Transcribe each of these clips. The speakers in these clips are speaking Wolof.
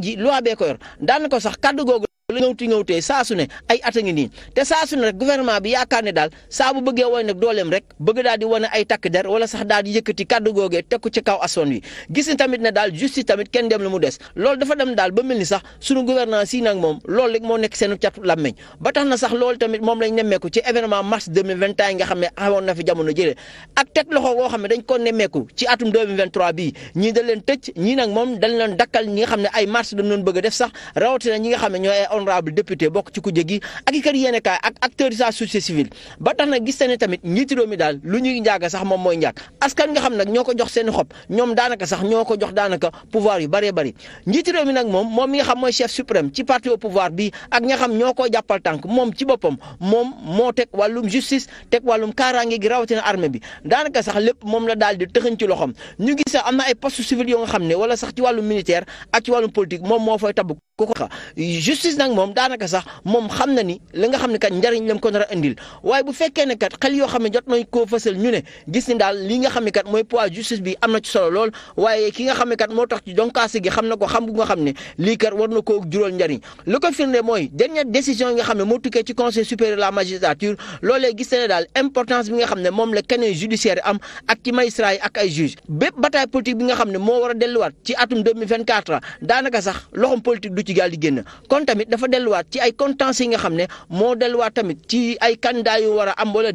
ji loi bee ko yor ko sax kàddu googu loolu dafa dem daal ba mel sax sunu gouvernement si nag moom loolu rek moo nekk seenu catu lammeñ ba tax na sax loolu tamit moom lañ nemmeeku ci événement mars 2021 ñii da leen tëj ñii nag moom dañ leen dakkal ñi nga xam ne ay mars dañ doon def sax rawatina ñi nga xam ne ñooy honorable député bokk ci kujje gi ak i kër ak acteurs sa société ba tax nag gis te tamit njiiti mi daal lu ñuy njaaga sax moom mooy njaag askan nga xam nag ñoo ko jox seen xob ñoom daanaka sax ñoo ko jox daanaka pouvoir yu bëree bëri njiiti mi nag moom moom mi nga xam mooy chef suprême ci parti au pouvoir bi ak nga moo teg wàllum justice teg wàllum kaaraange gi rawatina armée bi daanaka sax lépp moom la daal di tëxañ ci loxom ñu gis sax am na ay poste civil yoo nga xam ne wala sax ci wàllum militaire ak ci wàllum politique moom moo fay ku ko justice nag moom daanaka sax moom xam na ni li nga xam ne kat njariñ lam ko a indil waaye bu fekkee ne kat xel yoo xam ne jot nañ koo fësal ñu ne gis ni daal li nga xam ne kat mooy poids justice bi am xam ne ko xam bu nga xam ne lii kat war na koo jural njariñ li ko firnde mooy dernière décision nga xam ne moo tukkee ci conseil supérieur la magistrature loolee gis ne daal importance bi nga xam ne moom la keneen judiciaire am ak ci magistrat yi a ci gaal di génn kon tamit dafa delluwaat ci ay compétences yi nga xam ne moo delluwaat tamit ci ay candidat war a am wala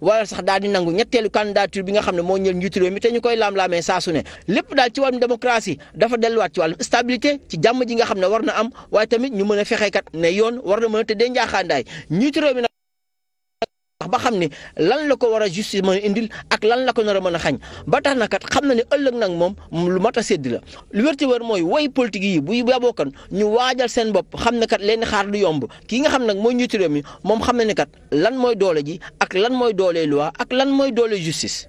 war a sax daal nangu ñetteelu candidature bi nga xam ne moo ñël njiitu te ñu koy laam-laamee saa su ne lépp daal ci wàllum démocratie dafa delluwaat ci wàllum stabilité ci jàmm ji nga xam ne war na am waaye tamit ñu mën a fexeekat ne yoon war na mën a tëddee njaaxaandaay njiitu ndax ba xam ne lan la ko war a justice mën indil ak lan la ko nar a mën a xañ ba tax na kat xam na ne ëllëg nag moom lu mat a sédd la lu wérti wér mooy woy politique yi bu yaboo kan ñu waajal seen bopp xam ne kat leen xaar lu yomb kii nga xam nag mooy njiitu réew mi moom xam na ne kat lan mooy doole ji ak lan mooy doole loi ak lan mooy doole justice